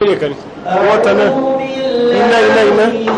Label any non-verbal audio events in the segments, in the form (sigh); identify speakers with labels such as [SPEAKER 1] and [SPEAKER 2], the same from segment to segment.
[SPEAKER 1] kan wọ́n tán náà iná iná iná.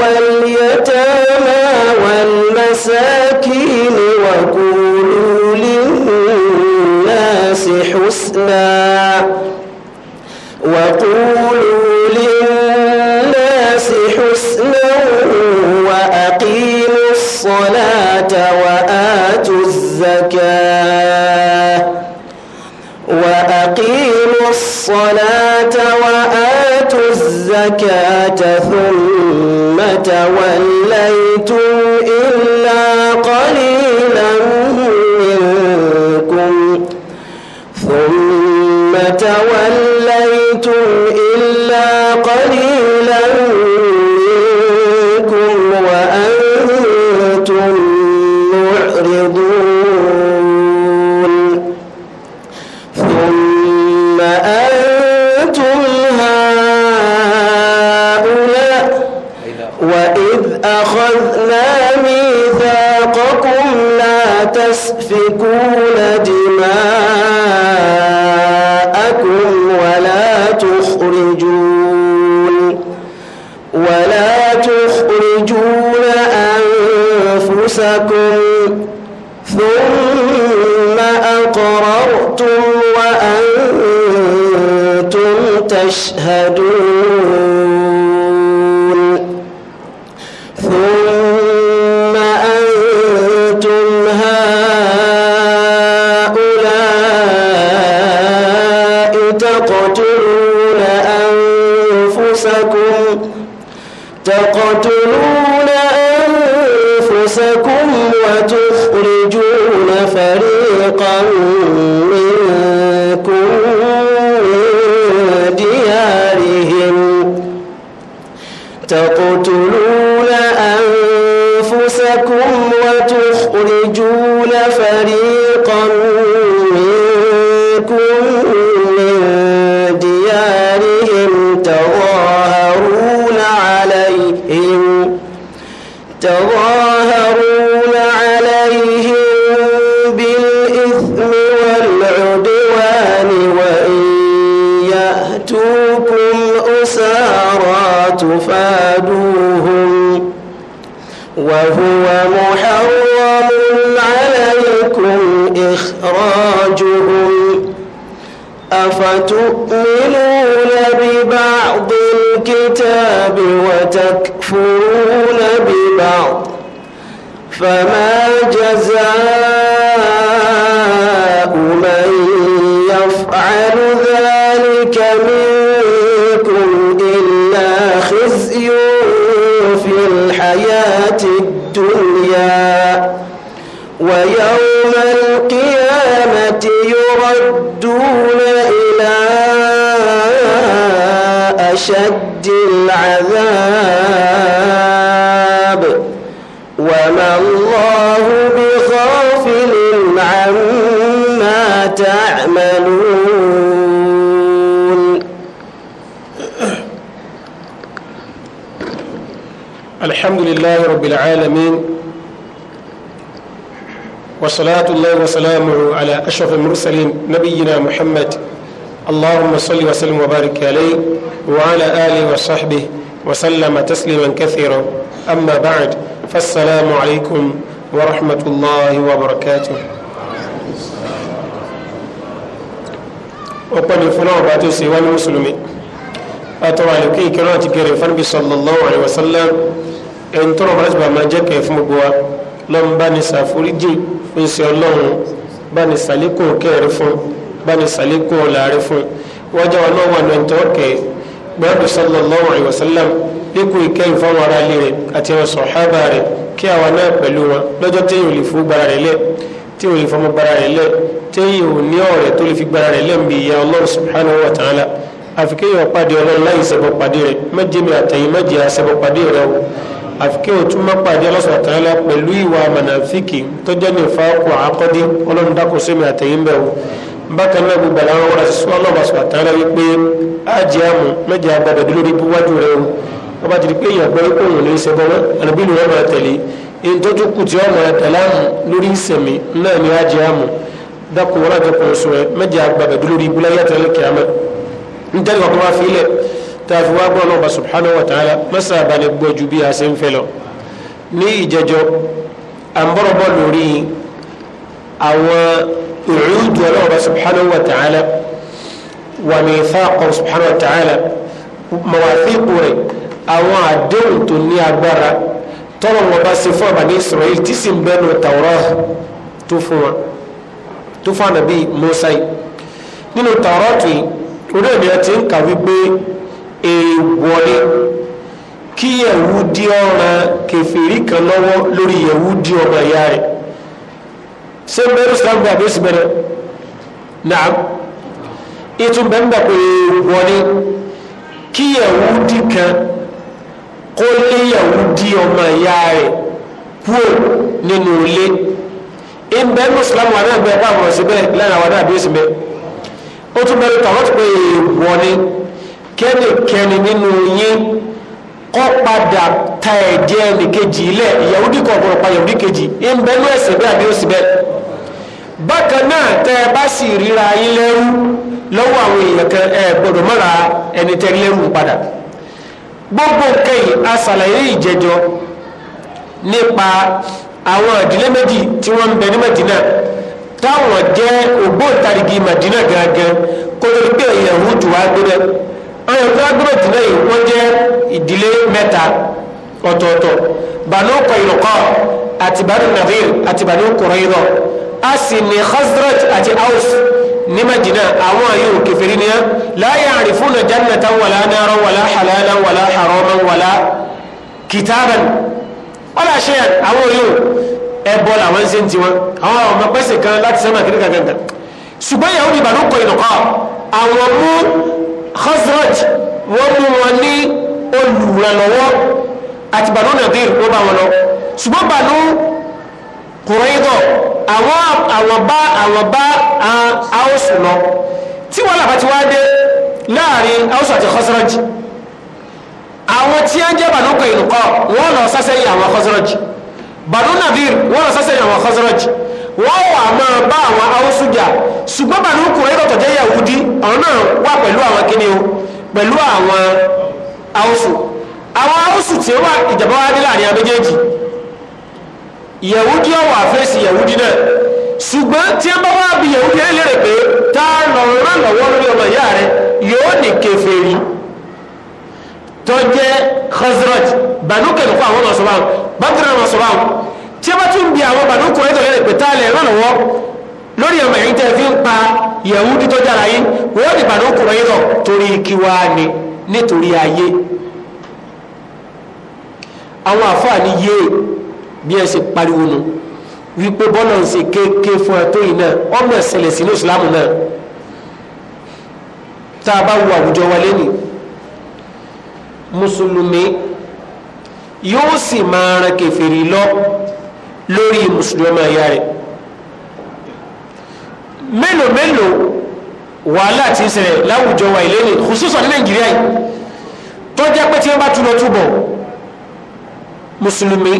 [SPEAKER 2] واليتامى والمساكين وقولوا للناس حسناً تشهدون أشد العذاب وما الله بغافل عما تعملون
[SPEAKER 1] الحمد لله رب العالمين وصلاة الله وسلامه على أشرف المرسلين نبينا محمد اللهم صل وسلم وبارك عليه وعلى آله وصحبه وسلم تسليما كثيرا أما بعد فالسلام عليكم ورحمة الله وبركاته ọpẹlẹ fúnà ọba tó ṣe wá ní mùsùlùmí àtọrọ àlékún ìkẹrọ àti gẹrẹ fúnbi sallallahu alaihi wasallam ẹni tọrọ ọba láti bá máa jẹ kẹ fún gbogbo wa lọ́n bá ní ṣàforíjì fún ṣe ọlọ́run bá ní ṣàlékún kẹrẹ fún bani salikun laare fún wájà wọn náà wà lóyún tọ́kẹ́ gbẹ́rù sallallahu alayhi wa sallam dínkù ìkẹyìn fáwọn ará ilé rẹ̀ àti àwọn sọ̀hábà rẹ̀ kí àwọn náà pẹ̀lú wọn lọ́jọ́ tí yóò lè fún gbára rẹ̀ lẹ̀ tí yóò lè fọmọ gbára rẹ̀ lẹ̀ tí yóò ní ọ̀rẹ́ tó lè fi gbára rẹ̀ lẹ̀ ń bi ìyá subhanahu wa ta'ala àfi kí yóò pàdé ọlọ́run láì sẹ́bọ̀ pàdé rẹ̀ méje mi àtẹ̀yìn méje àsẹ́bọ̀ pàdé rẹ̀ o àfi kí yóò tún má pàdé ọlọ́sọ̀ àtàlá pẹ̀lú ìwà mànàfíkì tó jẹ́ nífà kó àkọ́dé ọlọ́run dákò sẹ́mi àtẹ̀yìn bẹ́ẹ̀ o bákan náà gbogbo àwọn ọ̀rọ̀ sísun ọlọ́ọ̀bà sọ̀rọ̀ tààrà wípé àjẹ́ àmú mẹ́jẹ agbábẹ̀ dúró ní wájú rẹ o wọ́n bá ti di pé èèyàn gbọ́ wípé òun lè ṣe bọ́wọ́ àlùbí ni wọ́n máa tẹ̀lé èyí tó tún kù tí wọ́n máa tẹ̀lé àmú lórí ìsẹ̀mí náà ni àjẹ́ àmú dákò wọ́n àti ọkùnrin sùn rẹ mẹ́jẹ agbábẹ̀ dúró ní ibùdó ayé àtẹ̀lé kìámẹ́ nítorí wọn kò wá fílẹ̀ tá a fi wá gbọ́ ọlọ́ọ̀bà subhanahu wa ìrújú ọlọ́ọ̀bá subhanahu wa ta'ala wà ní ìfáàkọ̀ subhanahu wa ta'ala mọ̀wáfíìkù rẹ̀ àwọn àdéhùn tó ní agbára tọ́lọ̀ wọn bá ṣe fún àbáni Israel tí sì ń bẹ́nu Tawrah tó fún wọn tó fún ànàbí Musa yìí nínú Tawrah tó yìí orí ènìyàn ti ń kà wípé èèwọ̀ ni kí Yẹ̀wúdí ọ̀ràn kèfèrí kan lọ́wọ́ lórí Yẹ̀wúdí ọmọ ìyá rẹ̀ Se ń bẹ̀rù islam gbà bí ó sì bẹ̀rẹ̀ náà ètò bẹ́ẹ̀ bẹ̀ pé wọ́n ní kí Yahudi kan kó lé Yahudi ọmọ ìyá rẹ̀ kúrò nínú ilé ń bẹ́ẹ̀ muslim wà náà bẹ́ẹ̀ pàmò sí bẹ́ẹ̀ lẹ́nu àwọn náà bí ó sì bẹ́ẹ̀ ó tún bẹ̀rù tàwọn ti pé wọ́n ní kẹ́nìkẹ́ni nínú yín. kọ́ padà ta ẹ̀jẹ̀ ẹnìkejì ilẹ̀ Yahudi kan ọ̀gbọ̀n pa Yahudi kejì ń bẹ ní ẹ̀sìn bẹ́ẹ̀ àbí òsì bẹ́ẹ̀ bákan náà tẹ́ ẹ bá sì ríra yín lẹ́rú lọ́wọ́ àwọn èèyàn kan ẹ gbọ́dọ̀ mọ́ra ẹni lẹ́rú padà gbogbo nǹkan yìí a ṣàlàyé ìjẹjọ nípa àwọn ìdílé méjì tí wọ́n ń bẹ ní Madina táwọn jẹ́ ògbóǹtarìgì Madina gangan kó wá gbé ọyọ tábúrẹ̀tì lẹ́yìn wọ́n jẹ́ ìdílé mẹ́ta ọ̀tọ̀ọ̀tọ̀ banu kọ̀yọ̀kọ̀ àti banu nadir àti banu kọ̀rọ̀yìnrọ̀ a sì ní khazrat àti aus ní madina àwọn yóò kẹfẹ́rí ni la ya'rifuna jannatan wala naran wala halalan wala haraman wala kitaban wala shay'an àwọn yóò ẹbọ làwọn ṣe ń tiwọn àwọn ọmọ pẹ́sẹ̀ kan láti sẹ́mà kiri kankan ṣùgbọ́n yahudi banu kọ̀yọ̀kọ̀ àwọn mú Khazraj wọ́n mú wọn ní olùrànlọ́wọ́ àti Banu Nadir wọ́n bá wọn lọ ṣùgbọ́n Banu Qurayza àwọn àwọn bá àwọn bá Aws lọ tí wọ́n làbá ti wá dé láàrin Aws àti Khazraj àwọn tí ń jẹ́ Banu Qaynuqa wọ́n lọ sásẹ́yìn àwọn Khazraj Banu Nadir wọ́n lọ sásẹ́yìn àwọn Khazraj wọ́n wà máa bá àwọn haúsùjà ṣùgbọ́n bàánú kùnrin lọ́tọ̀ jẹ́ yahudi àwọn náà wà pẹ̀lú àwọn kíni o pẹ̀lú àwọn haúsù àwọn haúsù tí ó wà ìjàmbá wa dé láàrin abẹ́jẹ́jì yahudi ọ̀wọ̀ àfẹ́sì yahudi náà ṣùgbọ́n tí a bá wá bí yahudi ẹlẹ́rẹ̀ pé tá a lọ rán lọ́wọ́ lórí ọmọ ìyá rẹ yóò ní kèfèrí tó jẹ́ khazraj bàánú kẹfẹ́ fún àwọn ọmọ sọ tí a bá tún bí àwọn bàdó kùnrin tó lẹ́rẹ̀ pẹ̀tà lẹ̀ ràn lọ́wọ́ lórí ọmọ ẹ̀yìn tẹ́ fi ń pa yẹ̀wú dítọ́ jára yín wọ́n ní bàdó kùnrin tó torí kí wá ni nítorí ayé àwọn àfáà ní yé bí ẹ ṣe pariwo nu wípé bọ́lá ń ṣe kéèké fún ẹ tó yìí náà ọmọ ẹ̀sẹ̀lẹ̀ sínú ìsìlámù náà tá a bá wo àwùjọ wa lẹ́nu mùsùlùmí yóò sì máa ran kèfèrí lọ lórí mùsùlùmí ẹ̀yà rẹ̀ mélòó mélòó wàhálà ti ń ṣẹlẹ̀ láwùjọ wa ilé ní khususan ní nàìjíríà yìí tó jẹ́ pé tí wọ́n bá túnlọ túbọ̀ mùsùlùmí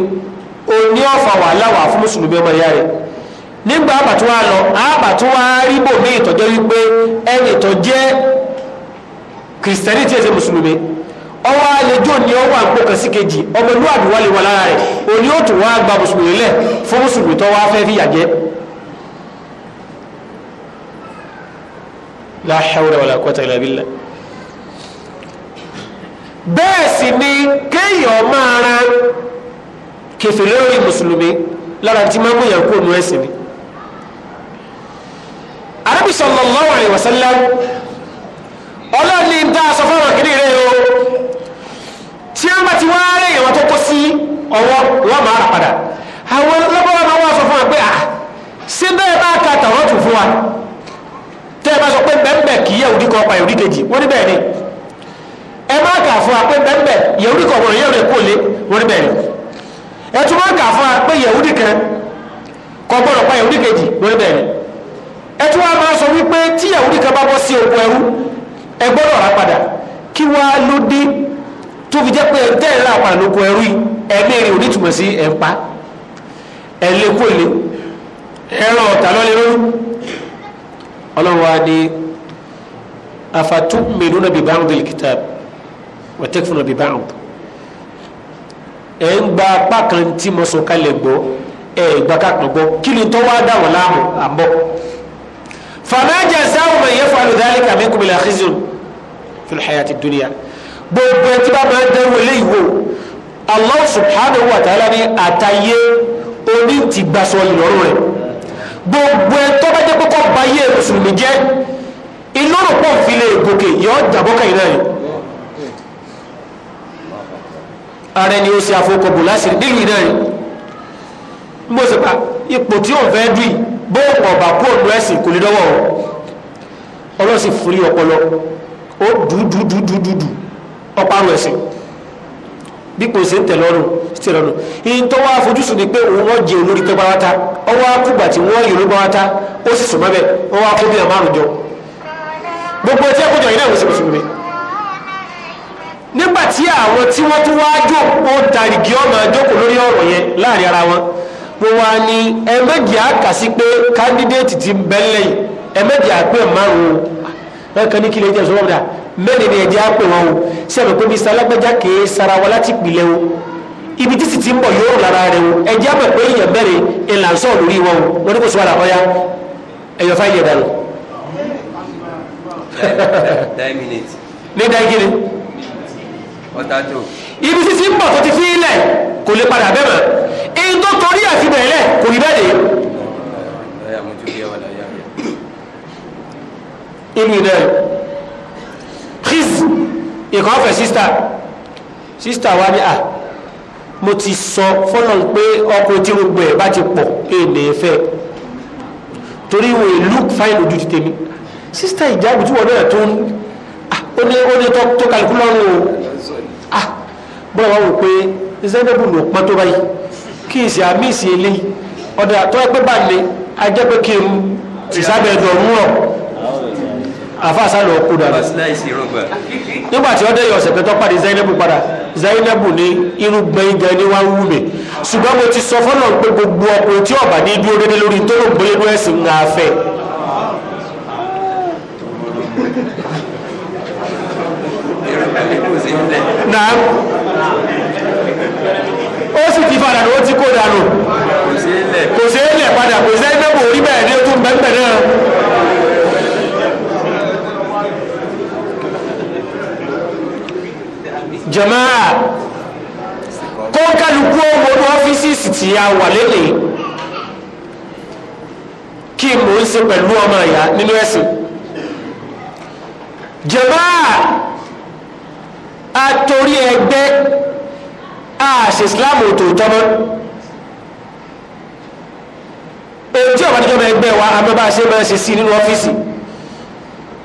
[SPEAKER 1] ò ní ọ̀fà wàhálà wà fún mùsùlùmí ọmọ ìyá rẹ̀ nígbà àbàtú wa lọ àbàtú wa rí bòmí ìtọ́jọ́ wípé ẹni tó kìrìsìtẹ́nì tí ẹ ṣe mùsùlùmí ọwọ́ àlejò ni ọwọ́ àgbò kan sí kejì ọmọlúwàbí wà lè wà lára rẹ̀ òní ó tún wá gba mùsùlùmí lẹ̀ fún mùsùlùmí tó wá fẹ́ fìyà jẹ. la hawla wala quwwata illa billah. bẹ́ẹ̀ sì ni kéèyàn máa ran kẹfìrí lórí mùsùlùmí lára tí máa ń gbìyànjú kó nu ẹ̀sìn ni. arábì sallallahu alaihi wasallam ọlọ́ọ̀ni ń dá aṣọ fáwọn kìnìún rẹ̀ tí a bá ti wá rẹ̀ ìwọ̀n tó kó sí ọwọ́ wọ́n máa rà padà àwọn lọ́bọ̀rọ̀ máa wá sọ fún wa pé à ah, ṣé bẹ́ẹ̀ bá ka tàwọn tù fún wa tẹ́ ẹ bá sọ pé bẹ́ẹ̀ kì í yẹ̀wùdí kan pa yẹ̀wùdí kejì wọ́n ní bẹ́ẹ̀ ni ẹ má kà fún wa pé bẹ́ẹ̀ yẹ̀wùdí kan wọ̀nyẹ̀ rẹ̀ kó lé wọ́n ní bẹ́ẹ̀ ni ẹ tún má kà fún wa pé yẹ̀wùdí kan kò gbọ́dọ̀ pa yẹ̀wùdí kejì wọ́n ní bẹ́ẹ̀ ni ẹ tún wá máa sọ wípé tí yẹ̀wùdí kan bá bọ́ sí oko ẹrú ẹ gbọ́dọ̀ rà padà kí wàá ló tó fi jẹ́ pé tẹ́ẹ̀rẹ́ àpàlókò ẹrú ẹgbẹ́rin onítùmọ̀ sí ẹ̀ǹpa ẹ̀lẹ́kọ̀ọ́lẹ́ ẹ̀rọ ọ̀tàlọ́lẹ́rú ọlọ́wà ni afatu'minuna bi ba'd al-kitab wa takfuruna bi ba'd ẹ̀ ń gba apá kan tí mo sọ kalẹ̀ gbọ́ ẹ̀ gba kápọ̀ gbọ́ kí ni tó wá dà wọ́n láàmú àbọ̀ fa ma jaza'u man yaf'alu dhalika minkum illa khizyun fil gbogbo ẹ tí bá máa ń dẹrù ilé ìwò Allah subhanahu wa ta'ala ní àtàyé oní ti gbàsọ ìlọrùn rẹ gbogbo ẹ tó bá jẹ kókó báyé mùsùlùmí jẹ ìlọrùn pọ̀ fi lè gòkè yọ jàbọ́ kẹ́yìn náà yìí ààrẹ ni ó ṣe àfọkọ̀bù lásìrí nílùú náà yìí bó ṣe pa ipò tí òun fẹ́ dùn bó ọ̀bà kú òun ẹ̀sìn kò lè dọ́wọ́ ọlọ́sìn fúri ọpọlọ ó dùdùdùdùdù ọparun ẹ̀sìn bí kò ṣe ń tẹ̀ lọ́rùn sí lọ́rùn ìyìn tó wá àfojúsùn ni pé òun wọ́n jẹ olórí pẹ́ pàwátá ọwọ́ akúgbà tí wọ́n yòrò pàwátá ó sì sùn mọ́bẹ̀ wọ́n wá kó bí àmárùn jọ gbogbo ẹtí ẹkọjọ yìí náà wọ́n sì mùsùlùmí nígbà tí àwọn tí wọ́n tún wáá jò ó darí kí ọmọ àjókòó lórí ọ̀rọ̀ yẹn láàrin ara wọn wọn wá ní ẹ̀mẹ́jì àkà sí pé kándídéètì ti bẹ́ẹ̀ lẹ́yìn ẹ̀mẹ́jì àpẹ́ márùn-ún ẹ̀kan ní kílẹ̀ jẹ́ sọ́wọ́dà mẹ́rin ni ẹ̀jẹ̀ á pè wọn o sẹ́mi pé mr alágbájá kìí sara wa láti pìlẹ̀ o ibi títí ti ń bọ̀ yóò lára rẹ o ẹ̀jẹ̀ á mọ̀ pé èèyàn bẹ̀rẹ̀ ìlà ń lórí wọn o wọn ní kò sọ́ra ọ̀ya ẹ̀yọ̀ fáìlì ẹ̀dá lọ. ní dáìgìrì. ibi títí ń bọ̀ tó ti fi ilẹ̀
[SPEAKER 3] kò lè padà bẹ́ẹ̀ mọ́
[SPEAKER 1] èyí tó torí àfi bẹ̀rẹ̀ kò rí bẹ́ẹ̀ dé. inú ilẹ̀ khiz ìkan fẹ́ sísítà sísítà wa ni a ah, mo ti sọ fọlọ pé ọkọ tí gbogbo ẹ bá ti pọ̀ èdè fẹ́ torí wo ìlú fáìlì ojú ti tèmi sísítà ìjáàbù tí wọn náà tó ń ah, ó ní ó ní tó kálukú lọ́rùn o ah bọ́lá wa wò pé zainabu ló pọ́n tó báyìí kí n sì àmì ìsìn eléyìí ọ̀dọ̀ àtọ́ ẹgbẹ́ bá lè ajẹ́ pé kí n ìsábẹ̀ ẹ̀dọ̀ mú ọ̀ àfáàsá lọ kú dára nígbà tí ó dé ọ̀sẹ̀ pé tó pàdé Zainabu padà Zainabu ní irúgbẹ́ igẹ ní wá wú mi ṣùgbọ́n mo ti sọ fọ́nà pé gbogbo ọkùnrin tí ọ̀bà ní dúró dédé lórí tó ló ń bóyá inú ẹ̀sìn ń afẹ́ náà ó sì ti fàdà ó ti kó dànù kò sí ilẹ̀ padà kò sí Zainabu orí bẹ́ẹ̀ ni ó tún bẹ́ẹ̀ bẹ́ẹ̀ náà. jama'a kó kálukú ọmọdé ọ́fíìsì tí a wà lélẹ̀ kí mò ń ṣe pẹ̀lú ọmọ ìyá nínú ẹ̀sìn jama'a atorí ẹgbẹ́ àṣẹ islam òtòótọ́ mọ́ ètí ọ̀bájọ́bọ̀ ẹgbẹ́ wa amẹ́bá ṣe máa ṣe sí nínú ọ́fíìsì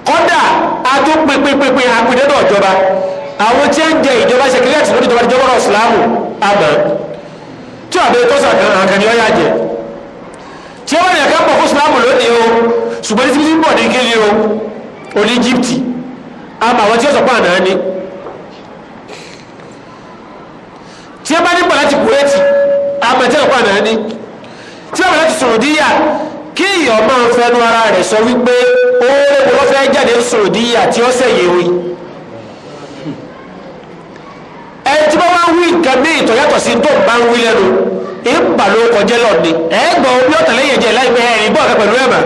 [SPEAKER 1] kọ́dà a tún pínpínpínpín apínẹ́dọ̀ ìjọba àwọn tí ó ń jẹ ìjọba sẹkírẹ́tì lórí ìjọba ìjọba ọ̀rọ̀ ìsìláàmù àmọ́ tí àbẹ̀ tó sàkàn àkànní ọ̀yà jẹ tí ó wọ̀nyẹ̀ ká pọ̀ fún ìsìláàmù lónìí o ṣùgbọ́n títí ń bọ̀ ní kí ni o oní Íjíbítì àmọ́ àwọn tí ó sọ̀pọ̀ àná ni tí ó bá ní bọ̀ láti Kúwéètì àmọ́ tí ó sọ̀pọ̀ àná ni tí ó bá láti Sùrùdíyà kí ìyọ̀ máa fẹnu ara rẹ̀ sọ wípé ó rẹ̀ wọ́n fẹ́ jáde Sùrùdíyà tí ó sẹ̀yẹ̀ wí. ẹni tí wọ́n wí nǹkan mí ìtọ̀ yàtọ̀ sí tó bá ni ẹgbà omi ọ̀tẹ̀lẹ́yìn jẹ láìpẹ́ ẹ̀rìn bọ́ọ̀ pẹ̀lú ẹ̀mà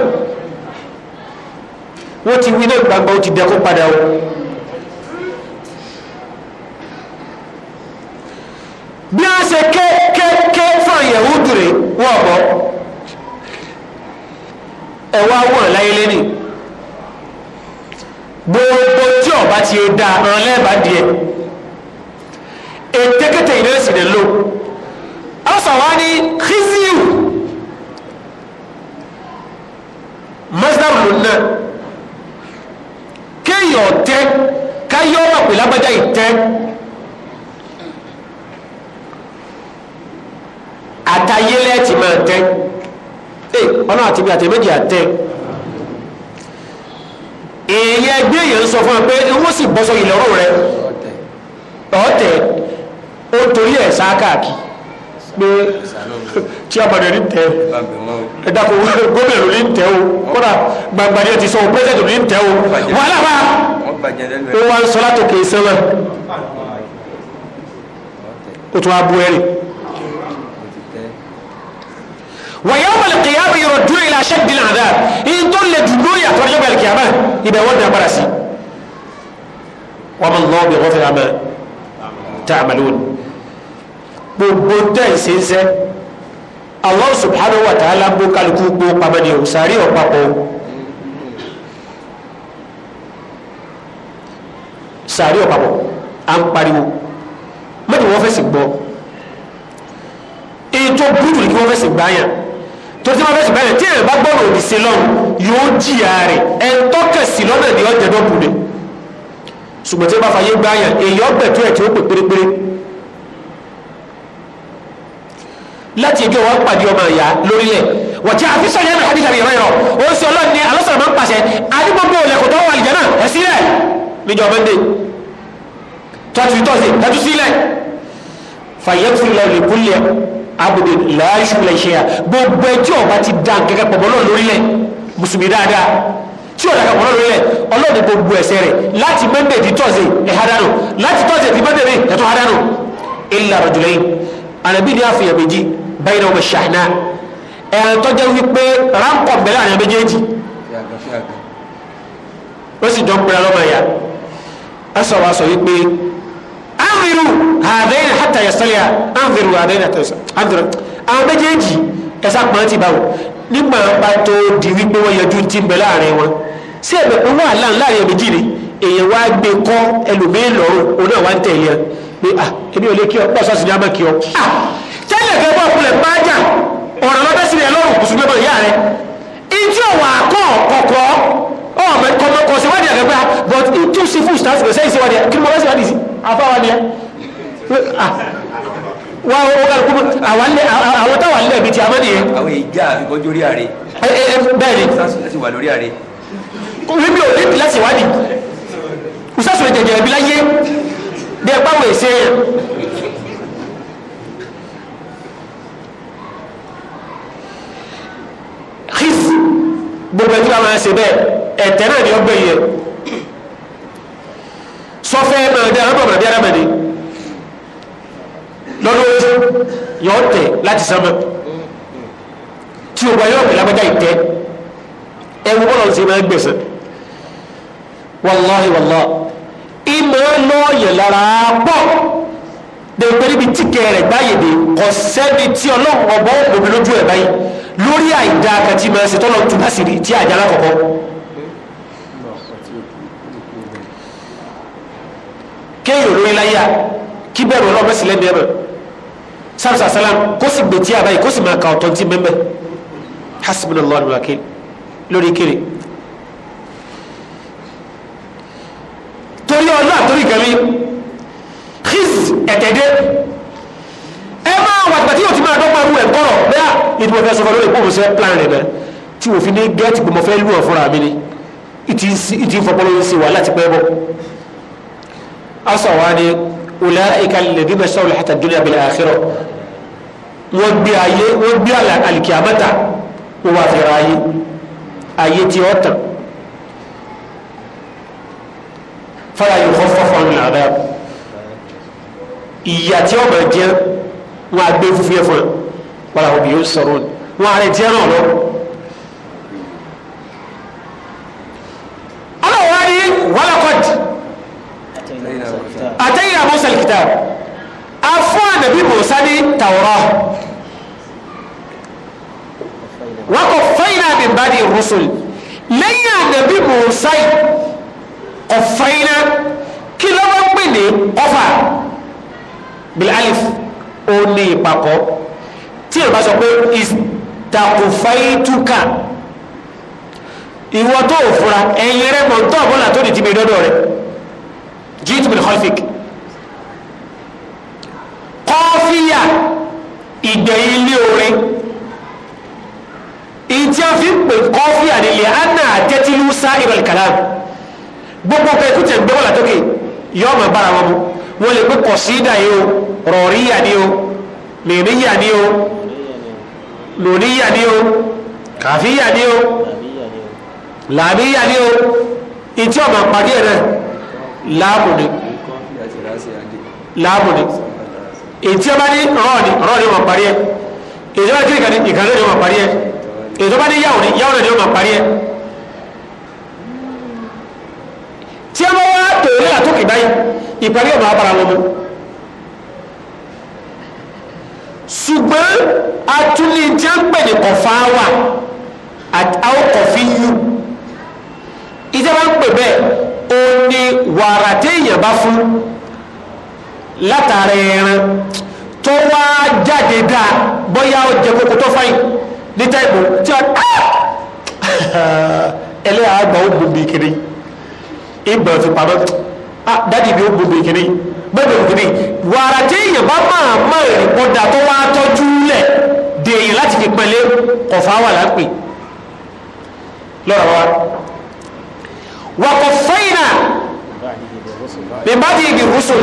[SPEAKER 1] wọ́n ti wí náà gbàgbọ́ ó ti padà o bí a ṣe ké ké ké fún àyẹ̀wò bọ́ ẹ̀wọ́ eléyìí ló sì lè lò ọsàn wa ni khiziu masdar lona kéèyàn tẹ káyọ ọmọ pè lágbájá ìtẹ àtayélẹ ti máa tẹ ẹ ọlọ́run àti ibi àtẹ̀méjì àtẹ èèyàn ẹgbẹ́ yẹn ń sọ fún ọ pé wọ́n sì bọ́sọ ilẹ̀ ọ̀rọ̀ rẹ ọ̀tẹ̀ ó torí ẹ̀ sá káàkiri pé tí a bàdàn ní tẹ o
[SPEAKER 3] ẹ dàpọ̀ gómìnà ló ní tẹ o kódà gbàgbà ni ẹ ti sọ pẹ́sẹ̀tì ló ní tẹ o wàhálà wa ó wá ń sọ látò kè é sẹ́wọ̀n ó tún á bu ẹ̀rì.
[SPEAKER 1] wàyà wàlẹ̀ kìyàmù yọrọ dúró ilé aṣẹ́ dín àdá yìí tó lè dùn lórí àtọ́jọ́ bẹ̀rẹ̀ kìyàmù ibẹ̀ wọ́n dàgbára sí. wàmú lọ́ọ̀bì wọ́n fi hàn mẹ́ tààmàlúwìn gbogbo tẹ́ ìṣeéṣẹ́ Allah subhanahu wa ta'ala gbó kálukú gbó pamẹ́ni ò sáré ọ̀pápọ̀ sáré ọ̀pápọ̀ à ń pariwo mọ́tò wọ́n fẹ́ sì gbọ́ èyí tó búrú kí wọ́n fẹ́ sì gbáyàn tó tí wọ́n fẹ́ sì gbáyàn tí èèyàn bá gbọ́rọ̀ òdì sí lọ́run yóò jìyà rẹ̀ ẹ̀ ń tọ́kẹ̀ sí lọ́nà ní ọ̀jẹ̀ náà ṣùgbọ́n tí wọ́n bá fàyè gbáyàn èyí ọ̀gbẹ̀ tó ẹ̀ tí ó pè pérépéré láti ẹjọ́ wọn pàdé ọmọ ìyá lórílẹ̀ wọ̀tí àfisà yẹn nàá dìgbà ìrọ̀ ìrọ̀ ó sì ọlọ́run ní alọ́sọ̀rọ̀ máa ń pàṣẹ adigbogbo olẹ́kùn tó wà àlìjánà ẹ̀ sílẹ̀ níjọ mẹ́ndé tọ́tù tọ́sí dájú sílẹ̀ fàyẹ́kùn lọ lè kúlẹ̀ abùdè láàṣù lè ṣe à gbogbo ẹjọ́ ọba ti da kẹ̀kẹ́ pọ̀ bọ́lọ́ lórílẹ̀ mùsùlùmí dáadáa tí ò dàgbà pọ̀lọ́ lórílẹ̀ ọlọ́ọ̀dẹ gbogbo ẹ̀sẹ̀ rẹ̀ láti mẹ́ndé di tọ́sí ẹ̀ hádánù láti tọ́sí ti mẹ́ndé mi ẹ̀ tó hádánù illa rajulayn àrẹ̀bí ni àfihàn méjì bẹ́ẹ̀ náà wọ́n ṣàìná ẹ̀rọ tó jẹ́ wípé ráńpọ̀ bẹ̀rẹ̀ àná méjèèjì ó sì jọ ń pera lọ́mọ ẹ̀yà ẹ sọ wa sọ wípé anziru hadaina hatta yasaliya anziru hadaina hatta yasaliya àwọn méjèèjì ẹ̀sà pọ́n ti báwò nígbà bá tó di wípé wọ́n yẹjú ti ń bẹ láàrin wọn sí ẹ̀bẹ̀ pé wọ́n àlá láàrin ẹ̀mí jìnnì èèyàn wá gbé kọ́ ẹlòmíín lọ́rùn òun náà wá ń tẹ̀lé ẹ pé ah èmi ò lè kí ọ pọ̀ sọ́ọ̀sì ní àmọ́ kí ọ ah tẹ́lẹ̀ fẹ́ bọ́ kulẹ̀ bájà ọ̀rọ̀ lọ́bẹ̀ sílẹ̀ lọ́rùn kùsù gbẹ́bọ̀ ìyá rẹ̀ ìjọ wà kọ́ kọ̀kọ́ ọ̀mọ̀kọ̀ síwádìí àgbẹ̀gbẹ́ but ìtú sí fún ìsìtàsì kò sẹ́yìn síwádìí kí ni mo bá síwádìí sí afáwa ni ẹ ah, wá owó kálukú
[SPEAKER 3] àwọn táwa nílẹ̀ bíi ti amẹ́ni yẹn. àwọn ìjà àfikọ́jú orí ààrẹ. bẹ́ẹ̀ ni. ìsásùn ti wà lórí ààrẹ.
[SPEAKER 1] oríbi ò ní ìpìlẹ̀ síwádìí ìsásùn ìjẹ̀jẹ̀ ẹ̀bí láyé bí ẹ báwo èsè yẹn. máa ṣe bẹ́ẹ̀ ẹ̀tẹ́ náà ni ó gbé yẹ sọfẹ́ máa dá ọmọ àbí arábẹ̀ ni lọ́dún ojú yọ tẹ̀ láti sánmọ́ tí o gba yọ pẹ̀lú abẹ́jà ìtẹ́ ẹ̀wù bọ́lọ̀ ń ṣe máa gbèsè wàláhi wàlá ìmọ̀ lọ́ọ̀yẹ̀ lára pọ̀ dèbèrè bíi tíkẹ̀ rẹ̀ gbáyé de kọ̀sẹ́ni tí ọlọ́run ọgbọ́n lójú ẹ̀ báyìí lórí àìdá àkàtì máa ṣe tọ́lọ̀ tún bá sì rí tí àjálá kọ̀kọ́ kéèrò lórí láyà kí bẹ̀rù ọlọ́pẹ́ sílẹ̀ mẹ́rẹ̀ sáàrùsà sálám kó sì gbé tí àbáyé kó sì máa ka ọ̀tọ̀ tí mẹ́mẹ́ hasbunallahu wa wakil lórí kéré torí ọlọ́ àtórí gẹ̀mí khiz ẹ̀tẹ̀dẹ́ àwọn àgbà tí yóò ti máa dọ́gba ru ẹ̀kọ́rọ̀ bẹ́ẹ̀ ètò ìfẹ́ sọ̀rọ̀ lórí ìpòmù sẹ́ plan rẹ̀ náà tí òfin ní gẹ́ẹ̀tì gbọmọ fẹ́ lù ọ̀ fúnra mi ni ìtì ìfọpọlọ ń ṣe wà láti pẹ́ bọ́ asọ̀wá ni ọ̀là ìkàlẹ̀dí mẹ́sàn ọ̀là àtàdé ní abilẹ̀ àkírọ̀ wọ́n gbé ayé wọ́n gbé àlìkìyàmẹ́ta wọ́n wá fẹ́ra ayé ayé tí ó tàn fara yóò fọ́ fọ́ ọ̀nà àdáyà ìyà tí ọ̀bẹ̀ wọn àgbé fúfú yẹ fún ẹ wọn làwọn yóò sọ̀rọ̀ ni wọn àrẹ tiẹ̀ náà lọ. ọlọ́wọ́ wá ní wàlàkọ́d
[SPEAKER 3] àtẹ̀yìn àmọ́sàlì kìtà afọ́ ànàbí mọ̀ọ́sá ní tàwọ́rọ́
[SPEAKER 1] wọ́n kọ fẹ́yìn náà bímbá kọ fẹ́yìn náà kí ọfà bil alif ó ní ìpàkọ́ tí ìbá sọ pé ìtàkùfáìtúkà ìwọ tó fura ẹ̀yìn rẹ̀ mọ̀ tó àbọ̀là tó di ti mi dọ́dọ̀ rẹ̀ jíìtì bìlì họlfik kọfíà ìgbẹ̀yìn ilé orin ìtí a fi ń pè kọfíà nílẹ̀ anna àtẹ́tìlú sá ìbàlì kàlá
[SPEAKER 2] gbogbo kẹ́kùtẹ̀ gbẹ́wọ̀lá tókè
[SPEAKER 1] yọ ọmọ ìbára wọn mú wọ́n lè pé kọ̀sídà yìí o rọ̀ríyà ni o mìíríyà ni o lòníyà ni o kàfíyà ni o làbíyà ni o ìtí ọ̀mà pàdé rẹ̀ láàbù ni láàbù ni ìtí ọba ní rọ́ọ̀ ni rọ́ọ̀ ni ọmọ parí ẹ ètò ọba kíríkà ní ìkàlẹ́ ni ọmọ parí ẹ ètò ọba ní yàwó ni yàwó ni ọmọ parí ẹ tí ọba wá tòun ní àtúkì báyìí ìparí ọ̀nà abara wọn mu ṣùgbọ́n atúlí tí a ń pè ní kọ̀fà wà àwọn kọ̀fì yú ìjọba ń pè bẹ́ẹ̀ ó ní wàrà téèyàn bá fún látara ẹran tó wá jáde dáa bóyá ó jẹ kókó tó fáyìn ní táìpù tí a (laughs) ẹlẹ́yà àgbà ó gbòmí kiri ìgbà ti Ah, dádì mi ó gbogbo ìkíní gbogbo ìkíní wàrà tí èèyàn bá máa máa rìn ọ̀dà tó wá tọ́jú lẹ̀ dè èèyàn láti fi pẹ́lẹ́ kọ̀fà wà lápè lọ́rọ̀ wa wakọ̀ fẹ́yìnà bíbá dìgbì rúṣùn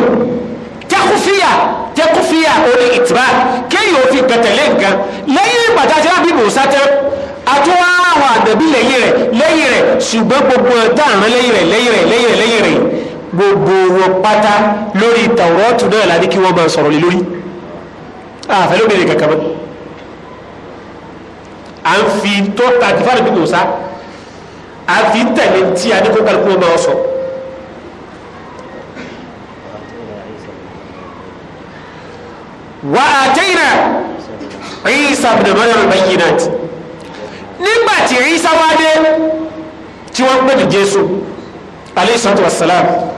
[SPEAKER 1] tẹkùfíà tẹkùfíà orí ìtìbá kéèyàn òfin pẹ̀tẹ̀lé nǹkan lẹ́yìn ìgbàdá tí wọ́n bí bòsá tẹ́ àtúwá àwọn àdẹ̀bí lẹ́yìn gbogbo ẹ̀ dáàrin lẹ́yìn rẹ̀ lẹ́yìn rẹ̀ lẹ́yìn rẹ̀ lẹ́yìn rẹ̀ gbogbo wọn pátá lórí tàwọ́tù náà láti kí wọ́n máa sọ̀rọ̀ lé lórí àfẹ́ ah, lórí rẹ̀ kankan mọ́ à ń fi tó tàbí fáwọn ìbí mùsá à ń fi tẹ̀lé tí a wọn máa sọ. wà á tẹ́yìnà Isa ibn Maryam al-bayyinat nígbà tí Isa wá dé tí wọ́n ń pè ní Jésù alayhi salatu wassalam.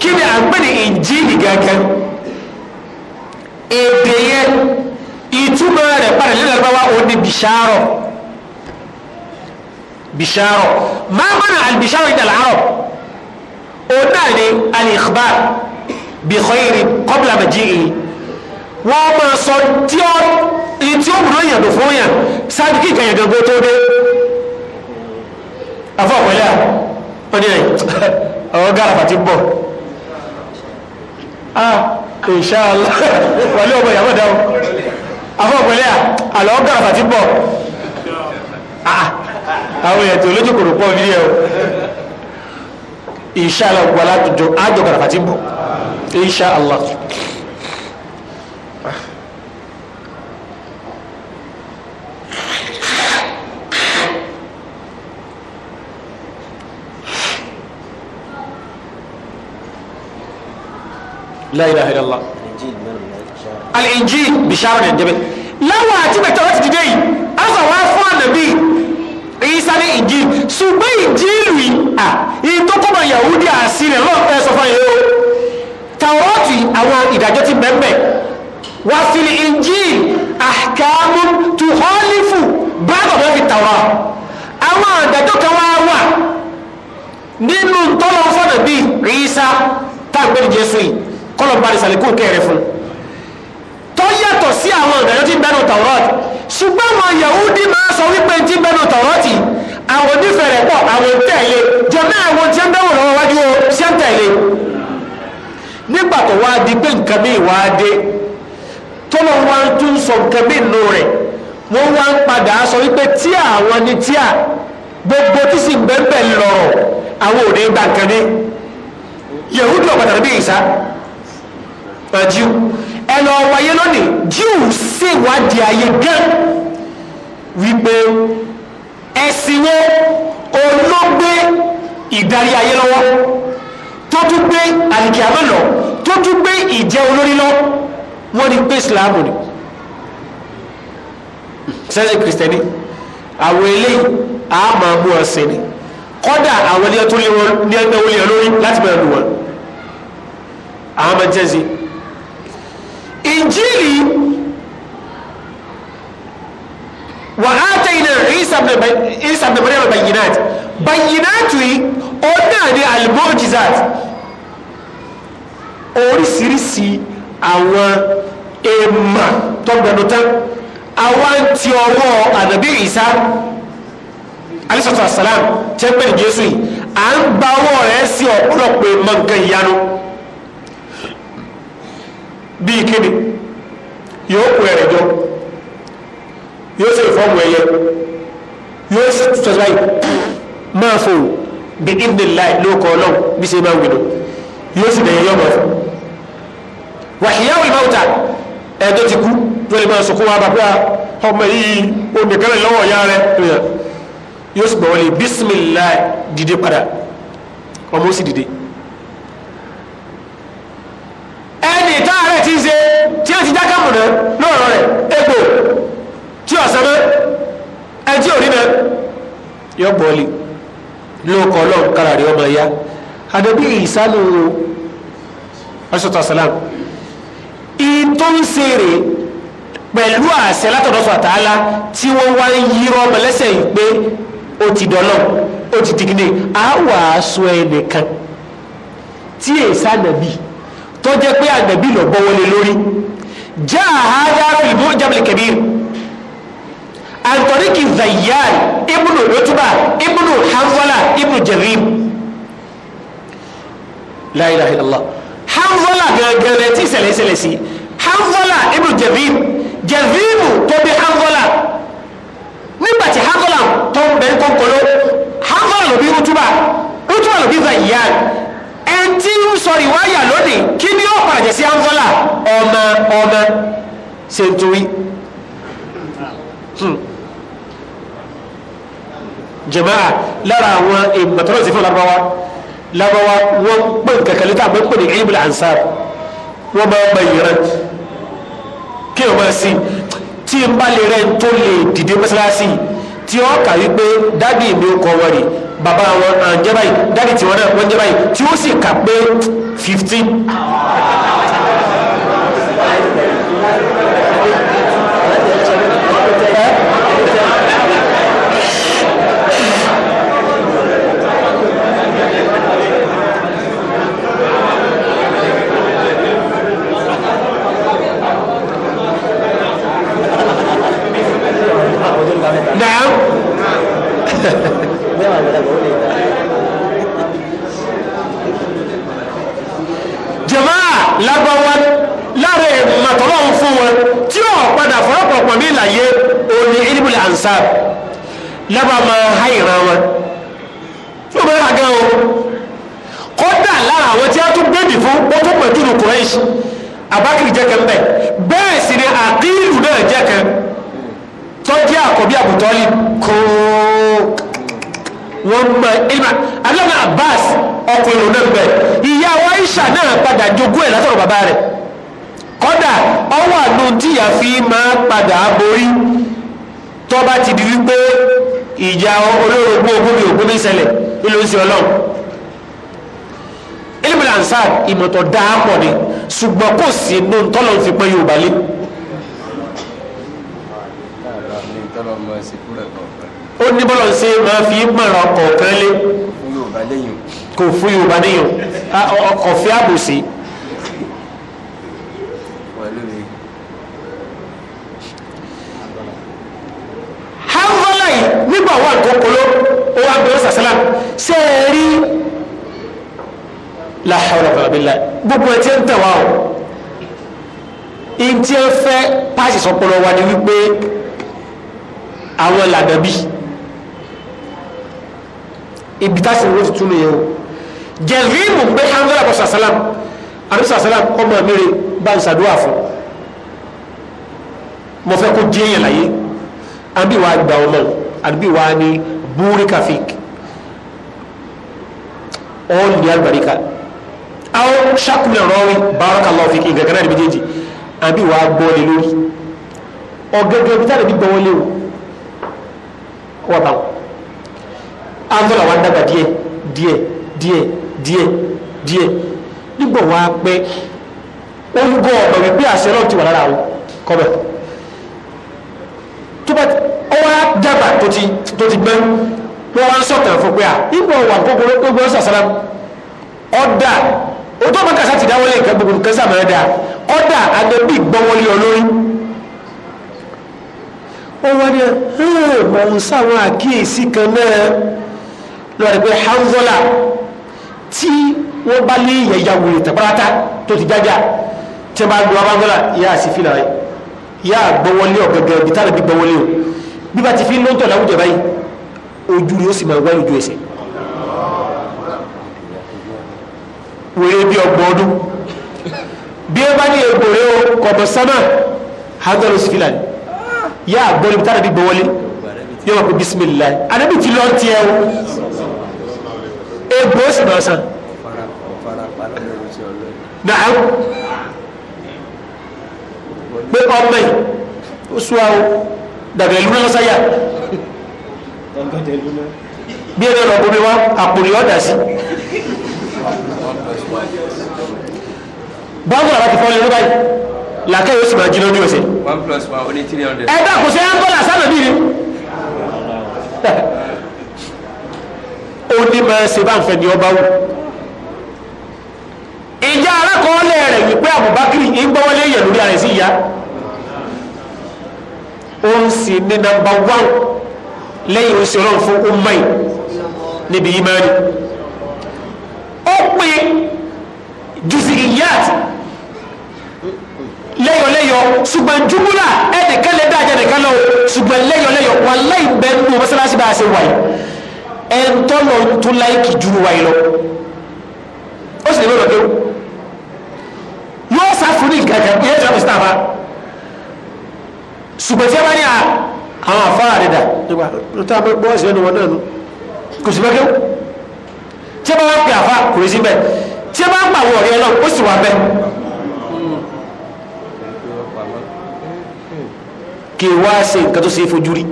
[SPEAKER 1] kí ni à ń pè ní ìnjíìlì gángan èdè yẹn ìtumọ̀ rẹ̀ padà lẹ́nu àgbáwá ó ní bìṣàrọ̀ bìṣàrọ̀ máa mọ̀nà àlbìṣàrọ̀ ìdàlà àrọ̀ òun náà ni al-ikhbar bi khayri qabla maji'i wọ́n máa sọ tí ó tí ó wùdó yàtọ̀ fún yàn sáájú kí ìkànnì gangan tó dé afọ àpẹẹlẹ ọ ní ẹ (laughs) gàràfà ti bọ̀ ah inshallah wàlẹ́ ọmọ ìyàwó dáhùn afọ pẹ̀lẹ́ à àlọ́ gàràfà ti bọ̀ ah, àwọn èèyàn tó lójú kòrò pọ̀ nílé o inshallah gbọ́lá inshallah. la ilaha illallah al-injil bishara ní ẹ̀jẹ̀ bẹ́ẹ̀ láwọn àti bẹ̀tẹ̀ wọ́n ti dìde yìí azọ̀ wá fún ànàbí ìsá ní injil ṣùgbọ́n injilu yìí à ìyí tó kọ́ bọ̀ yahudi àṣìlẹ̀ lọ́ọ̀tẹ́ sọ fún yìí o tàwọ́ọ̀tì àwọn ìdájọ́ ti bẹ́ẹ̀ wà fìlì injil ahkamu tuhalifu bákan náà fi tàwa àwọn àdájọ́ kan wá wà nínú tọ́lọ́ fọ́nà bíi ìsá táàgbẹ́ni jésù yìí kọ́lọ̀ bá ìsàlẹ̀kùn kẹrẹ fún tó yàtọ̀ sí àwọn ìdájọ́ tí bẹ́nu tàwọ́tì ṣùgbọ́n àwọn Yahudi máa sọ wípé tí bẹ́nu tàwọ́tì àwọn onífẹ̀rẹ̀ pọ̀ àwọn tẹ̀lé jọ náà wọn ti ń bẹ̀wò lọ́wọ́ wájú o ṣé ń tẹ̀lé nígbà tó wá di pé nǹkan mi wá dé tó lọ wá ń tún sọ nǹkan mi nù rẹ̀ wọ́n wá ń padà sọ wípé tí àwọn ni tí à gbogbo tí sì ń bẹ́ẹ̀ bẹ́ẹ̀ lọ̀rọ̀ àwọn ò ní gbà nǹkan ní Yahudi ọ̀pọ̀ tàbí ìsá jíù ẹ lọ wáyé lónìí jíù ṣèwádìí ayé gan wípé ẹ̀sìn wo olóògbé ìdarí ayé lọ́wọ́ tó tún gbé àlìkìyàmọ́ lọ tó tún gbé ìjẹ́ olórí lọ wọ́n ní pé Islam ni sẹ́sìn kìrìsìtẹ́nì àwọn eléyìí a máa mú ọ̀sẹ̀ ni kọ́dà àwọn ẹni tó lé wọn ní ẹgbẹ́ olè lórí láti bẹ̀rẹ̀ lù wọn àwọn máa ń tẹ̀sí ìnjílì
[SPEAKER 2] wà á tẹ̀yìn Isa ibn Maryam bayyinat
[SPEAKER 1] bayyinat yìí ó náà ní al-mu'jizat oríṣiríṣi àwọn èèmà tọ́gbẹ̀nután àwọn tí ọwọ́ ànàbí Isa alisatu asalam tẹ́pẹ̀lì Jésù yìí à ń gba ọwọ́ sí ọ̀pọ̀lọpọ̀ èèmà nǹkan ìyanu bíi kíni yóò kó ẹ̀rẹ̀ jọ yóò ṣe ìfọ́ọ̀mù ẹ̀yẹ yóò ṣe tuntun láì máa fò bí ìdílé láì ló kọ́ ọlọ́run bí ṣe máa wìnà yóò sì dẹ̀yẹ yọ̀mọ̀ fún wàhíyá wìlì máa ta ẹ̀ẹ́dọ́ ti kú tó lè máa sọkún wa bàbá ọmọ yìí obìnrin lọ́wọ́ ìyá rẹ̀ yóò sì gbọ̀ wọlé bísímìlá dìde padà ọmọ ó sì dìde. ọ̀nà lọ́rọ̀ rẹ̀ egbò tí ọ̀sẹ̀ mẹ́ ẹjí òrí mẹ́ yọ bọ́ọ̀lì lóòkọ̀ ọlọ́run kára rí ọmọ ya àdébí ìsálò aṣọ́tọ̀ sàlám ìtò ń ṣe rè pẹ̀lú àṣẹ látọ̀dọ̀sọ̀ àtàlá tí wọ́n wá ń yírọ́ ọmọ lẹ́sẹ̀ yìí pé ó ti dọ́lọ́ ó ti dìgínì á wàá sọ ẹnìkan tí èsà nàbí tó jẹ́ pé ànàbí lọ bọ́ lórí جاء هذا في معجم الكبير عن طريق الزيان ابن عتبة ابن حنظلة ابن جريم لا إله إلا الله حنظلة جريتي سلسلسي حنظلة ابن جريم جرير تبي حنظلة nígbà حنظلة تبي tó ń bẹ kókòló hanzola ló bí ẹtí ń sọ ìwáyà lónìí kí ni ó pàjẹ́ sí angola ọmọ ọmọ ṣètùwí hmm. jẹ̀máà lára àwọn ìgbàtọ́rọ̀ sí fún larabawa larabawa wọ́n pè kàkàlẹ́ tàbí pè ní ibùdó ansar wọ́n máa gba ìran kí o máa sí tí n bá lè rẹ tó lè dìde mọ́sálásí tí ó kà wípé dábì mi kọ́ wọ́n rèé Baba, wọn à ń jẹ́ báyìí dáàdì tiwọn náà wọ́n jẹ́ báyìí tí ó sì kà pé fifteen. wọn tí ó padà fọ́rọ̀pọ̀ pọ̀ mí láyé òní ilmul ansab lábàá máa há ìran wọn tí ó bẹ́ẹ̀ rà gan o kódà lára àwọn tí a tún gbèdì fún ó tún pẹ̀jú ní Quraysh abakiri jẹ́kẹ̀ mbẹ̀ bẹ́ẹ̀ sì ni àkílù náà jẹ́kẹ̀ tó jẹ́ àkọ́bí àbùtọ́lì kó wọ́n mọ ìmọ̀ alọ́nà Abbas ọkùnrin náà bẹ̀ ìyá wa Aisha náà padà jogún ẹ̀ látọ̀rọ̀ bàbá rẹ̀ kọ́dà ọwọ́ àdó tíyà fi máa padà borí tó bá ti di wípé ìjà olórogún ogún mi ògún mi ṣẹlẹ̀ nílò ń ṣe ọlọ́run ilmul ansar ìmọ̀tọ̀ dáàpọ̀ ni ṣùgbọ́n kò sí inú tọ́lọ̀ fi pẹ́ yorùbá lé.
[SPEAKER 3] ó ní bọ́lọ̀ ṣe máa fi mọ̀ràn ọkọ̀ kan lé kò fún yorùbá níyàn ọkọ̀ fi àbòsí.
[SPEAKER 2] nígbà wà nǹkan kolo
[SPEAKER 1] ó wá bẹ̀rẹ̀ sàṣálà ṣe é rí làhàwọ̀lá fàbílà gbogbo ẹ̀ tí ń tẹ̀wá o in tí ń fẹ́ páàsì sọpọlọ wa ni wípé àwọn làdàbí ibi táṣì ló tuntun nìyẹn o jẹ̀rìmù pé hanzala bọ̀ sàṣálàm àrùn sàṣálàm ọmọ mi bá ń ṣàdúrà fún mo fẹ́ kó jẹ́ láyé àbí wàá gba ọmọ o àdúgbò wa ní búríkà fík all ní àlùbáríkà àwọn ṣàkùnrin rọrin bárọ́kà lọ́wọ́ fík ìgàgànà àdúgbò jẹ́jì àbí wa gbọ́ lé lórí ọ̀gẹ́gẹ́ bí tàbí gbọ́ wọlé o wà báwọn àtọ́là wa dàgbà díẹ̀ díẹ̀ díẹ̀ díẹ̀ díẹ̀ nígbà wa pẹ́ olùgbọ́ ọ̀dọ̀ wípé àṣẹ náà ti wà lára àwọn kọ́bẹ̀ tó tó ti tó ti gbẹ́rú wọ́n wá ń sọ̀tàn fún pé à ipò wà kókòrò gbogbo sàṣàlá ọ̀dà ojú ọmọ kàṣà ti dáwọ́lé nǹkan gbogbo nǹkan sàmọ́ dáa ọ̀dà agbẹ́bí gbọ́wọ́lé olórí ó wá ní mọ̀ ń sáwọn àkíyèsí kan náà lọ́rẹ̀ pé hanzola tí wọ́n bá lé yẹ̀yà wòye tàbárátá tó ti jájá tí wọ́n bá gbọ́ hanzola yá àsìfìlà yá gbọ́wọ́lé ọ̀gẹ̀gẹ̀ ibi tá bí bá ti fi lóńtọ̀ láwùjọ báyìí ojú rẹ̀ ó sì máa wá lójú ẹsẹ̀ wèrè bí ọgbọ̀n ọdún bí ó bá ní egbò rẹ̀ o kọ̀bọ̀ sánà hadọ́rọ̀ sí fìlà yá àgbọ̀n ibi tára bí gbọ́ wọlé yóò pé bismillah anábì ti lọ́ọ́ tiẹ̀ o egbò ó sì máa san náà pé ọmọ yìí ó sún àwọn dàbẹ̀ lúná lọ́sáyà bí ẹni ọ̀nà bomi wọn àpòlì ọ̀dà sí báwo ara
[SPEAKER 2] ti
[SPEAKER 3] fọ́lẹ̀ lọ́bàá yìí làkẹ́ yóò sì máa jí lórí ọ̀sẹ̀ ẹ̀dá kò
[SPEAKER 1] sí angola sábẹ̀ bí ni ó ní máa ṣe bá ń fẹ́ ni ọba wù ìjà alákọ̀ọ́lẹ̀ rẹ̀ wípé Abubakar ń gbọ́wọ́lé yẹ̀ lórí ara ẹ̀ sí ìyá òun ni ní nàmbà wán lẹ́yìn oṣù ọlọ́run fún ọmọ yìí níbi ìmánì ó pè jùsì ìyáàtì lẹ́yọ̀lẹ́yọ̀ ṣùgbọ́n júmúlà ẹnìkan lè dájẹ́ nìkan lọ ṣùgbọ́n lẹ́yọ̀lẹ́yọ̀ wà láì bẹ́ẹ̀ nù mọ́sálásí bá a ṣe wáyé ẹn tó lọ tó láìkì jù wáyé lọ ó sì lè lọ́dọ̀ kéwù yóò sáfù ní ìgbàgbọ́ yóò sáfù sí tàbá ṣùgbọ́n tí a bá ní àwọn àfáà rẹ̀ dà nígbà tá a bọ́ bọ́ sí ẹnu wọn náà nù kò sí bẹ́ẹ̀ tí a bá wá pè àfáà kò sí bẹ́ẹ̀ tí a bá ń pàwọ̀ ọ̀rẹ́ náà ó sì wá bẹ́ẹ̀. kí wá ṣe nǹkan tó ṣe é fojú rí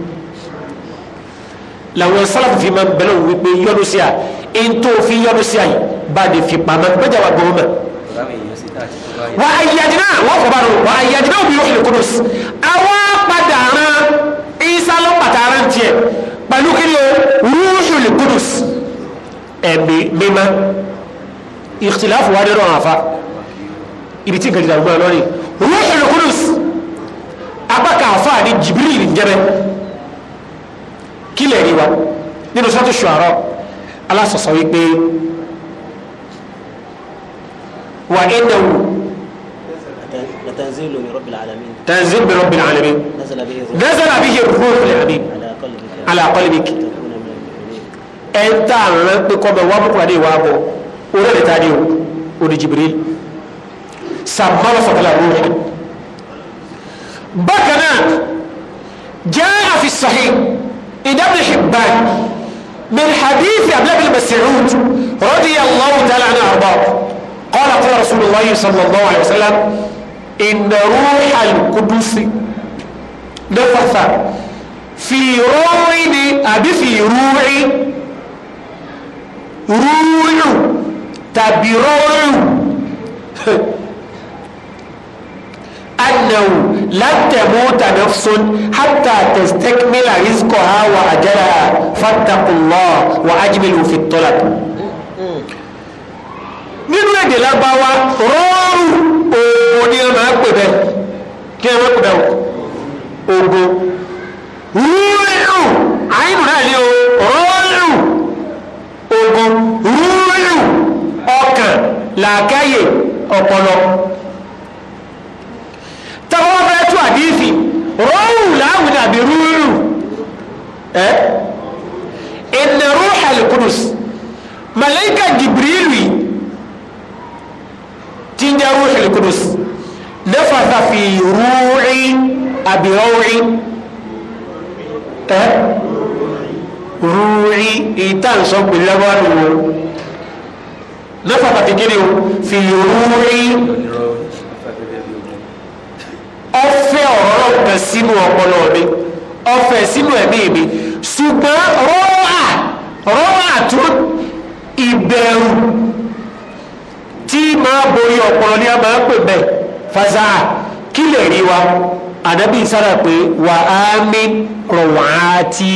[SPEAKER 1] làwọn sálàfù fi máa ń bẹ̀rẹ̀ òun wípé yọ́nu sí à ń tó fi yọ́nu sí à yìí bá lè fi pamọ́ gbẹ́jà wà gbọ́n mọ́. wà á yàdínà wọ́n fọ́ bá lọ wà á yàdínà òbí yóò fi lè kúrò sí. àwọn isa lọ pàtàkì tiẹ̀ pẹ̀lú kí ni o ruhul qudus ẹ̀mí mímọ́ ìtìláfù wa dẹ́rọ̀ àfa ibi tí nǹkan ti dàgbà lọ́rí ruhul qudus apáka àfa ni jibril jẹ́bẹ́ kílẹ̀ rí wa nínú sọ́tù ṣùárọ̀ alásọ̀sọ̀ wípé wà ẹ̀dẹ̀wò تنزيل برب العالمين تنزيل برب العالمين نزل به الروح نزل به الروح يا حبيبي على قلبك أنت عملت بوابك وابك ودي وابو ولا لتاديو ودي جبريل سمى وصف الروح بكنا جاء في الصحيح إذا ابن حبان من حديث أبلاب مسعود رضي الله تعالى عنه أرضاه قال قال رسول الله صلى الله عليه وسلم inna ruhal kudusi nafatha fi ruhi ni àbí fi ruhi ruhu tàbí ruhu annahu lan tamuta nafsun hatta tastakmila rizqaha wa ajalaha fattaqullah wa ajmilu fi talab nínú èdè lágbàwá rọrùn òun ni wọn máa pè bẹ kí wọn pè bẹ ògo rúrìrù àyínú náà ni o rúrìrù ògo rúrìrù ọkàn làákàyè ọpọlọ tọ́wọ́ fẹ́ tú àdífì rọ́ọ̀rù láwùjọ àbí rúrìrù ẹ́ ìnà rúhà lùkùdùs màláíkà jìbìrìlù tí ń jẹ́ rúhà lùkùdùs. نفث في روعي أبي روعي أه؟ روعي إيتان صب اللبان
[SPEAKER 2] نفث في كده في روعي
[SPEAKER 1] ọfẹ ọ̀rọ̀ nǹkan sínú ọpọlọ mi ọfẹ sínú ẹ̀mí mi ṣùgbọ́n rọwà rọwà tó ìbẹ̀rù tí máa borí ọpọlọ ní a máa pè bẹ́ẹ̀ fasa kí lè rí wa ànábì sára pé wà á mi rọ̀wọ̀n á ti.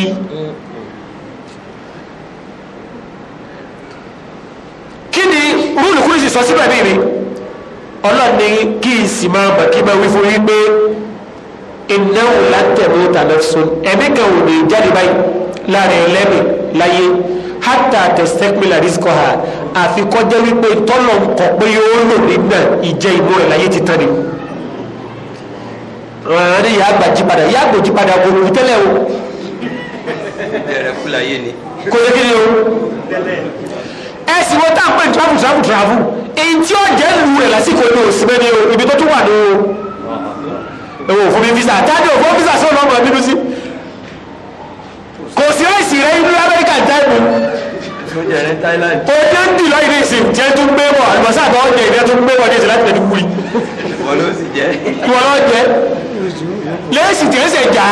[SPEAKER 1] kí ni rúùlù kúrìsì sọ síbẹ̀ mi rí ọlọ́ni kí n sì máa mọ̀ kí n máa wí fún yín pé ìnáwó látẹ̀mú tàbí sun ẹ̀mí kan ò ní jáde báyìí láàrin ẹlẹ́mì láyé hátà tẹ̀sítẹ́pìlà rísíkọ̀ ha àfi kọjá wípé tọ́lọ̀ ń kọ̀ pé yóò lò nígbà ìjẹ́ ìbò rẹ̀ láyé ti tán ni rẹ̀ yà gbàjí padà yà gbòjí padà gbòòrò tẹ́lẹ̀
[SPEAKER 2] o
[SPEAKER 3] kò yẹ
[SPEAKER 1] kí ni o ẹ̀sìn wọn táà ń pè ní travel travel travel èyí tí ó jẹ́ ìlú rẹ̀ lásìkò ní òsìmẹ́ ni o ibi tó tún wà ní o ẹ̀wọ̀n òfin mi visa táàdì òfin visa sọ̀rọ̀ ọmọ bíbí sí kò sí ó òsì rẹ inú amẹ́ríkà táìmù òjò ń dì lọ́yìn ní ìsìn jẹ́ tún gbé bọ̀ àlùbọ́sà àtọ́ ọ̀jẹ̀ ìdẹ́ tún gbé bọ̀ ní ìsìn láti tẹ̀lé kúri.
[SPEAKER 3] ìwọ ló jẹ́
[SPEAKER 1] lẹ́sì tí ó ṣe jà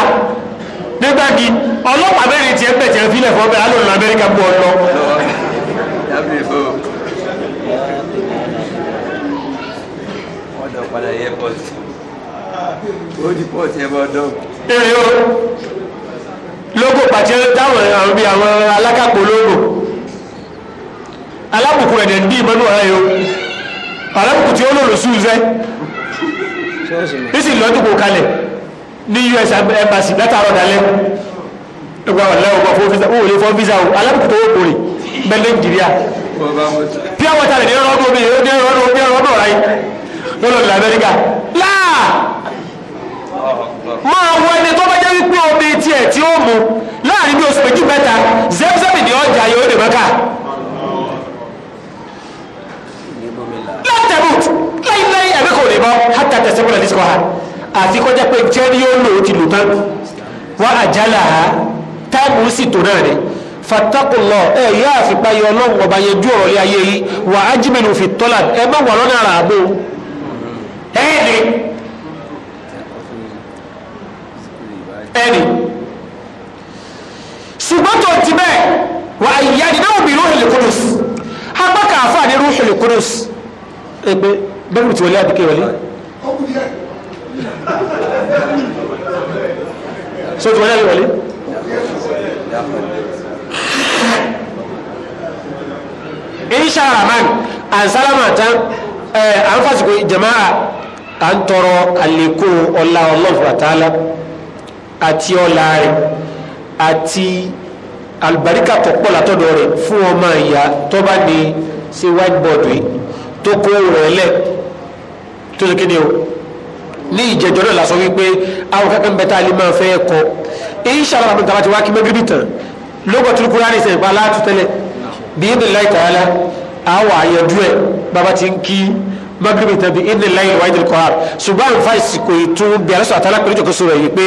[SPEAKER 1] nígbàgì ọlọ́pàá mẹ́rin tiẹ̀ bẹ̀ tiẹ̀ fílẹ̀ fọ́ bẹ́ẹ̀ alóòlù amẹ́ríkà bọ̀ lọ. èrè o lógò pàtẹ táwọn àwọn bíi àwọn alákàpọ̀ lógò alábùkù ẹ̀dẹ̀ ń bí ìmọ̀nù ọ̀rẹ́ yìí o alábùkù tí ó lò lò sùn zẹ́ nísì kalẹ̀ ní US embassy látàárọ̀ dalẹ́ ẹgbà wà lẹ́wọ̀ visa ó visa o alábùkù tó wọ́pọ̀ rè bẹ́ẹ̀ Nàìjíríà pure water rẹ̀ ní ọ̀rọ̀ ọdún mi ní ọ̀rọ̀ ọdún ọ̀rọ̀ yìí lọ́lọ́ máa wọ ẹni tó bá jẹ́ wípé omi tiẹ̀ tí ó mu láàrin bí oṣù méjì mẹ́ta zẹ́mzẹ́mì ní ọjà yóò dé mẹ́ka. látẹ̀bùt láíláí ẹ̀mí kò lè bọ́ hátà tẹ̀sẹ̀ kúrẹ̀ ní sọ́ha àfi kọjá pé jẹ́rí yóò lò ó ti lò tán wọ́n àjálà á táàmù sì tó náà ni fatakulọ ẹ yá àfipá yọ ọlọ́run ọba yẹn ju ọ̀rọ̀ ayé yìí wà á jìbìnú fi tọ́lá ẹ má wà lọ́nà àbò ẹ ní. ẹ̀rì ṣùgbọ́n tó ti bẹ́ẹ̀ wà ìyáàdì náà bí rúhìlì kúrús apá kàáfà ní rúhìlì kúrús ẹgbẹ́ bẹ́rù tí wọlé àbíké wọlé so tí wọlé wọlé insha rahman ansalama tan ẹ anfasikò jama'a à ń tọrọ àlékún ọlá ọlọ́fà àti ọlá rẹ̀ àti àlùbáríkà tọ̀pọ̀ látọ̀dọ̀ rẹ̀ fún ọmọ ìyá tó ní sí whiteboard yìí tó kó rẹ̀ lẹ̀ tó ṣe kéde o ní ìjẹjọ náà lásán wípé àwọn kankan ń bẹ tá a lè máa fẹ́ kọ inshallah àbúrò tàbá ti wá kí mẹ́gírì tán lóko tó kúrò ní ìsẹ̀yìn pa aláàtú tẹ́lẹ̀ bí ibi láì tààlà àwọn àyẹ̀dú ẹ̀ bàbá ti ń kí magrebi tàbí ìdílé láyé ìwádìí kọ́ ha ṣùgbọ́n àǹfà ìsìnkú ìtún bẹ̀rẹ̀ sọ àtàlà pẹ̀lú ìjọkọ̀ sọ̀rọ̀ yìí pé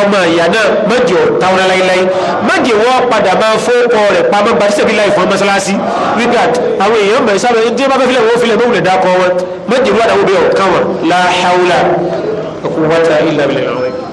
[SPEAKER 1] ọmọ ìyá náà méje ọ̀táwọn láyéláyé méje wọ́n padà máa fọ́ọ̀kọ rẹ̀ pamọ́ gbadísẹ́bí láì fún mọ́sálásí wípé àwọn èèyàn mẹ́rin sábẹ́ ní bá fẹ́ filẹ̀ wọ́n filẹ̀ mọ́wùlẹ̀ dákọ̀ wọn méje wọ́n illa billah